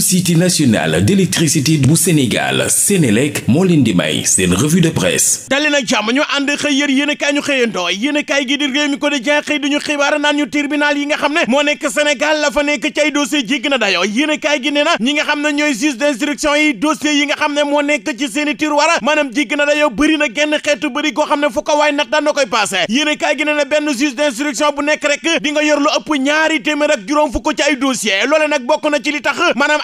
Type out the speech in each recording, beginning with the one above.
société nationale d'électricité bu Sénégal Sénélec moo leen di may seen revue de presse dali nag jàmm ñu ànd xëy yër yéen ñu xëyandoo yéen gi di réew mi ko di jen yi nga xam ne moo nekk Sénégal la fa nekk ci ay dossier jégg na dayoo yéen a kaay gi ne na ñi nga xam ne ñooy juge d'instruction yi dossier yi nga xam ne moo nekk ci seen i tiroir maanaam jégg na dayoo bëri na genn xeetu bëri koo xam ne fu ko waay nag daan na koy passé a kaay gi ne bu nekk rek di nga yor lu ëpp ñaari téeméer ak juróom fukk ay dossier loole nag bokk na ci li tax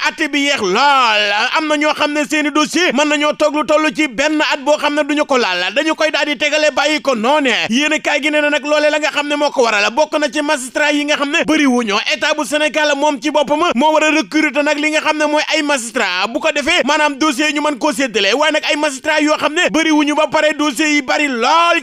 atte bi yeex lool am na ñoo xam ne seen i dossier mën nañoo toog lu toll ci benn at boo xam ne duñu ko laal dañu koy daal di tegale bàyyi ko noonee yéen i kaay gi na nag loole la nga xam ne moo ko waral bokk na ci magistrat yi nga xam ne bëri wuñoo état bu moom ci boppam moo war a recruter nag li nga xam ne mooy ay magistrat bu ko defee maanaam dossiers ñu mën koo séddale waaye nag ay magistrat yoo xam ne bëri ba pare dossiers yi bëri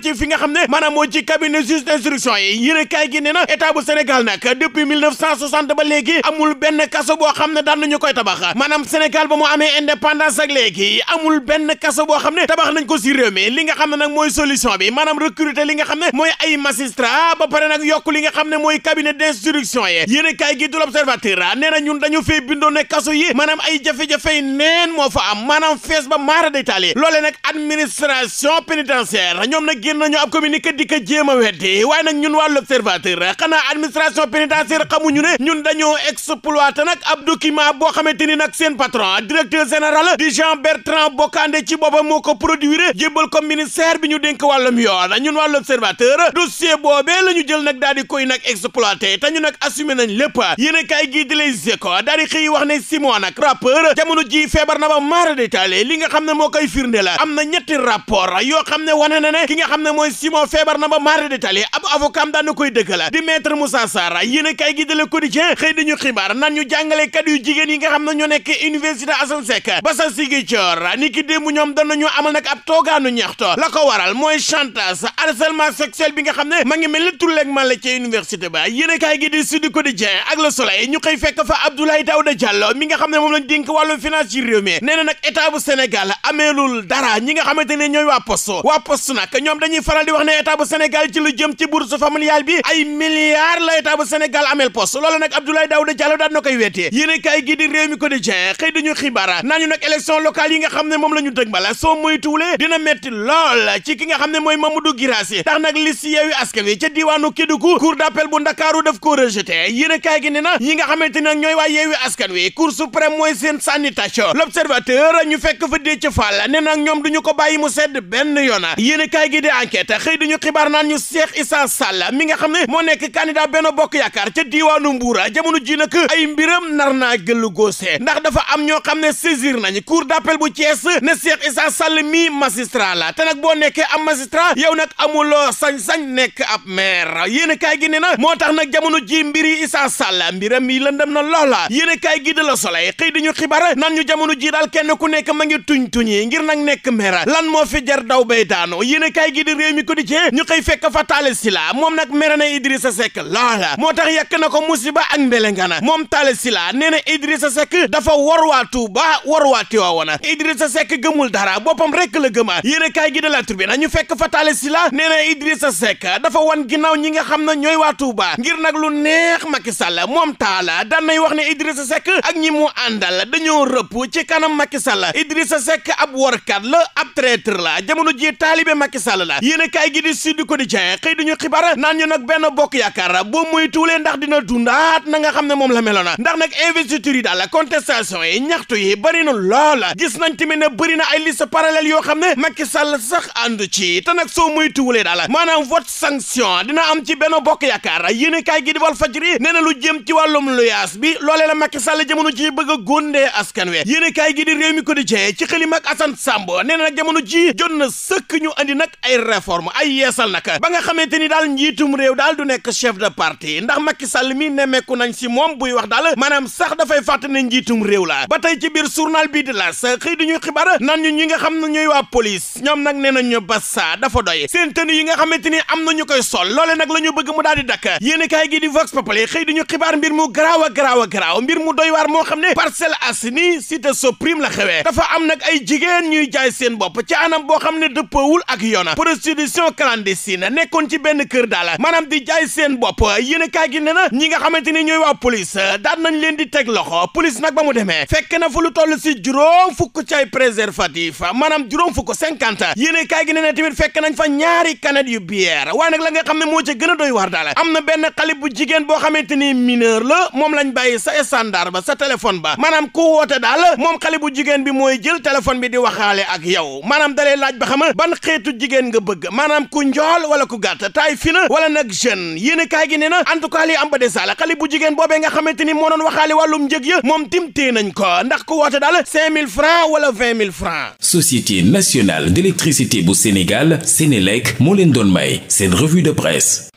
ci fi nga xam ne maanaam ci cabinet juge d'instruction yi yéen i kaay gi nee na état bu Sénégal nag depuis 1960 ba léegi amul benn kaso xam ne daan nañu ñu koy tabax maanaam Sénégal ba mu amee indépendance ak léegi amul benn kaso boo xam ne tabax nañ ko si réew li nga xam ne nag mooy solution bi maanaam recruter li nga xam ne mooy ay magistrat ba pare nag yokk li xam ne mooy cabinet d'instruction yi yéen kaay gi du l'observateur nee na ñun dañu fee bindoo ne kaso yi maanaam ay jafe-jafey neen moo fa am maanaam fees ba maara day taali loolee nag administration pénitentiaire ñoom nag génn nañu ab communiqué di ko jéem a weddi waaye nag ñun waa l'observateur xanaa administration ne ñun dañoo exploité boo xamante ni nag seen patron directeur général di Jean Bertrand Bocandé ci boppam moo ko produire jébbal ko ministère bi ñu dénk wàllum yoon ñun wàllu observateur dossier boobee la ñu jël nag daal di koy nag exploité te ñu nag assumé nañ lépp yéen a kaay gii di Les Échos xëy wax ne Simon nag rappeur jamono ji feebar na ba mara détaillé li nga xam ne moo koy firnde la am na ñetti rapport yoo xam ne wane na ne ki nga xam ne mooy Simon feebar na ba mara détaillé ab avocat am daan na koy dëgg la di a kaay yi nga xam ne ñoo nekk université bi nga xam ne ma ngi mel ni tulleeg man la ca université ba yéen kaay gi di Sud Quotidien ak Le Soleil ñu xam ne moom lañ dénk wàllu finance ci réew mi ñooy waa poste waa poste nag ñoom dañuy faral di wax ne état bu Sénégal jëm ci bourse familiale bi ay milliards la état bu Sénégal ameel poste loolu nag Abdoulaye Daouda Diallo daan na koy weete yéen kaay gi ci réew mi ko di jeex xëy dañu xibaar naa ñu nag élection locale yi nga xam ne moom la ñu dëgmal soo muy tuulee dina metti lool ci ki nga xam ne mooy ma Mamadou Guirassy ndax nag liste Yewwi Askan Wi ca diiwaanu Kédougou cour d'appel bu Ndakaaru daf ko rejeté yéen kaay gi na ñi nga xamante ne ñooy waa Yewwi Askan Wi cour suprême mooy seen sanitation l'observateur ñu fekk fa Déthié la ne nag ñoom duñu ko bàyyi mu sedd benn yoon yéen kaay gi xëy dañu xibaar naan ñu Cheikh Issa Sall mi nga xam ne moo nekk candidat Benno Bokk Yaakaar ca diiwaanu Mbuur jamono ji nag ay mbiram nar naa gëllu gauche ndax dafa am ñoo xam ne saisir nañu cour d'appel bu Thiès ne Cheikh Issa Sall mi magistrat la te nag boo nekkee am magistrat yow nag amuloo sañ-sañ nekk ab maire yéen a kaay gi ne na moo tax nag jamono ji mbiri Issa Sall mbiram mi lëndëm na loola yéen a kaay gi de la Soleil xëy di ñu xibaar nan ñu jamono jii daal kenn ku nekk ma ngi tuñ tuñi ngir nag nekk maire lan moo fi jar daw bay daano yéen a kaay gi di réew mi quotidien ñu xëy fekk fa Talla Sylla moom nag maire na Idrissa Seck loola moo tax yàq na ko musiba ak mbelengana moom Talla Sylla nee na Idrissa Seck dafa war waa Touba war waa Tivaouane Idrissa Seck gëmul dara boppam rek la gëmaa yéene kaay gi de la Tribune ñu fekk fa Talla Sylla nee na Idrissa Seck dafa wan ginnaaw ñi nga xam ne ñooy waatu Touba ngir nag lu neex Macky Sall moom Talla daan nay wax ne Idrissa Seck ak ñi mu àndal dañoo rëpp ci kanam Macky Sall Idrissa Seck ab warkat la ab traître la jamono ji taalibe Macky Sall la yéene kaay gi di Sud Quotidien xëy duñu xibaar naan ñu nag benn bokk yaakaar boo muy tuulee ndax dina dundaat na nga xam ne moom la meloon ndax nag investiture yi daal daal contestation yi ñaxtu yi bëri na lool gis nañ tamit ne bëri na ay liste parallèle yoo xam ne Macky Sall sax àndu ci te nag soo muy tuwulee daal maanaam vote sanction dina am ci benn bokk yaakaar yéen kaay gi di wal fajri nee na lu jëm ci wàllum luyaas bi loolee la Macky Sall jamono ji bëgg a góondee askan we yéen kaay gi di réew ci xëlim ak Assane Samb nee na nag jamono ji jot na sëkk ñu andi nag ay réforme ay yeesal nag ba nga xamante ni daal njiitum réew daal du nekk chef de parti ndax Macky Sall mi nemmeeku nañ si moom buy wax daal maanaam sax dafay fàtt ne njiitum réew la ba tey ci biir surnal bii di las xëy di ñuy xibaar nan ñu ñi nga xam na ñooy waa police ñoom nag nee nañ ñu bassa dafa doy seen tën yi nga xamante ni am na ñu koy sol loole nag la ñu bëgg mu daal di dakk yéen kaay gi di vox populi xëy di ñu xibaar mbir mu garaaw a garaaw a garaaw mbir mu doy waar moo xam ne Parcelles Assainies cité Soprim la xewee dafa am nag ay jigéen ñuy jaay seen bopp ci anam boo xam ne dëppoowul ak yoon prostitution clandestine nekkoon ci benn kër daal maanaam di jaay seen bopp yéen kaay gi nee na ñi nga xamante ni ñooy waa police daan nañ leen di teg loxo police nag ba mu demee fekk na fu lu toll si juróom fukk ci ay préservatif maanaam juróom fukk cinquante yéene kaay gi ne ne tamit fekk nañ fa ñaari canette yu bière waaye nag la nga xam ne moo ca gën a doy war daal am na benn xale bu jigéen boo xamante ni mineur la moom lañ bàyyi sa standard ba sa téléphone ba maanaam ku woote daal moom xale bu jigéen bi mooy jël téléphone bi di waxaale ak yow maanaam dalee laaj ba xam ban xeetu jigéen nga bëgg maanaam ku njool wala ku gàtt taay fi na wala nag jeune yéene kaay gi ne na en tout cas lii am ba desaala xale bu jigéen xamante ni moo doon waxaale wàllum njëg ya moom timtee nañ ko ndax ku woote daal cinq mille francs wala vingt mille francs société nationale d'électricité bu Sénégal Sénélec moo leen doon may seen revue de presse